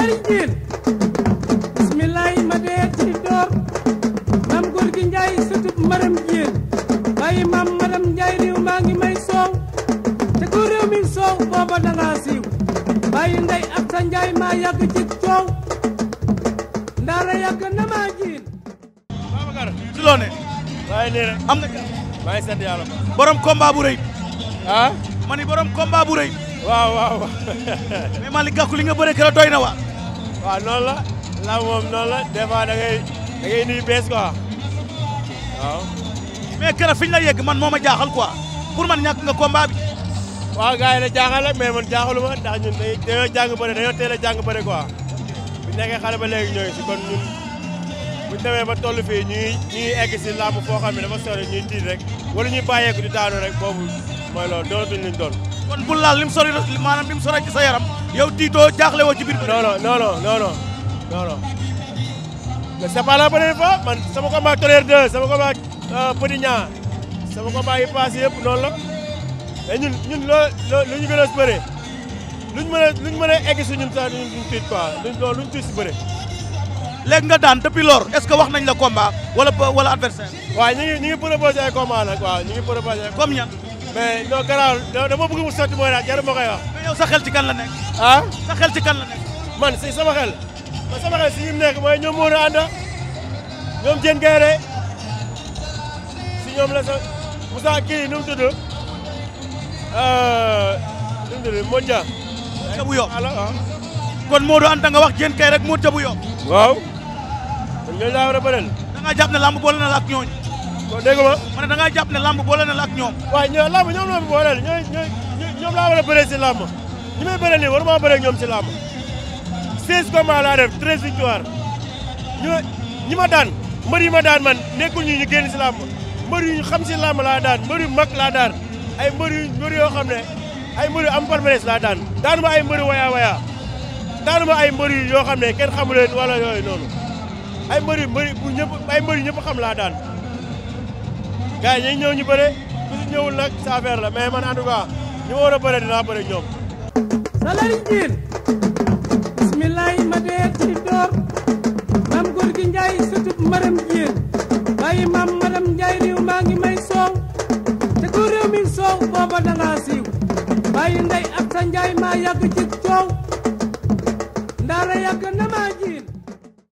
alal jiin bismillaay ma dee ci door maam góor gi njaay sëtub maram jiin bàyyi maam maram njaay réew maa ngi may soow te ko réew mi soow booba danga siiw bàyyi ndey ak njaay maa yàgg ci coow ndaara yàgg na maa jiin si loo ne waaye am na maa ngi sant yàlla bu rëy ah ma ni borom combat bu rëy waaw waaw. mais Malick Gakou li nga bëre keroog doy na wa. waaw noonu la la moom noonu la des fois da ngay da ngay nuyu bees quoi waaw. mais keroog fi ñu la yegg man moo ma jaaxal quoi pour man ñàkk nga combat bi. waaw gars la jaaxal rek mais man jaaxaluma ndax ñun dañoo jàng bëre dañoo teel a jàng bëre quoi bu nekkee xale ba léegi ñooy si kon ñun bu ñu demee ba toll fii ñu egg si làmb foo xam ne dafa sori ñuy tiit rek wala ñuy bàyyeeku di daanu rek boobu mooy loolu dootuñ kon bu laal lim sori maanaam lim sori ci sa yaram yow tiitoo jaaxle woo ci biir. non non non non non non non c'est pas la première fois man sama combat Tonnerre 2 sama combat euh, Petit Niang sama combat yi passé yëpp noonu la mais ñun ñun loo lu ñu gën a bëree luñ mën a luñ mën a egg si ñun sax duñ duñ tiit quoi luñ loolu luñ tiit si bëree. nga daan depuis lors est-ce que wax nañ la combat wala wala adversaire. waaw ñu ngi ñu ay combat nag waaw ñu ngi comme ñan. mais non garaawul dama bëgg mu sotti mooy daal jarul ma koy wax. ci kan la nekk. ah ci kan la nekk. man si sama xel man sama si ñi mu nekk mooy ñoom Modou Anta ñoom Diène Gaye si ñoom la sa Moussa kii nu mu tudd euh, mu tudd Modja. Jabu Yoff ah. kon Modou Anta nga wax Diène Gaye rek moo Jabu waaw. kon ñooñu laa war a bëreel. da ne làmb boole na la ak dégg nga ma. ma ne da ne lamb boole na la ak ñoom. waaw ñoo lamb ñoom la ma booleel ñooy ñooy ñoom laa war a bëree si ñoom si lamb 16 combats laa def 13 victoire ñoo ñi mbër yi ma daan man nekkul ñu ñu génn si lamb mbër yu ñu xam si lamb laa daan mbër yu mag laa daan ay mbër yu yoo xam ne ay mbër yu am palmarès laa daan daanu ma ay mbër waya waya daanu ma ay mbër yu yoo xam ne kenn xamu leen wala yooyu noonu ay mbër yu mbër bu ñëpp xam laa daan gars yi ñëw ñu bëre ku si ñëwul nag sa la mais man en ñu war a bëre dinaa bëre ñoom. salari jiin bismillahi ma dee ci door maam góor gi Njaay sëtub maram jiin bàyyi maam maram Njaay riw maa ngi may soow te ku réew mi soow booba danga siiw bàyyi ndey ak sa Njaay maa yàgg ci coow ndaara yàgg na maa ji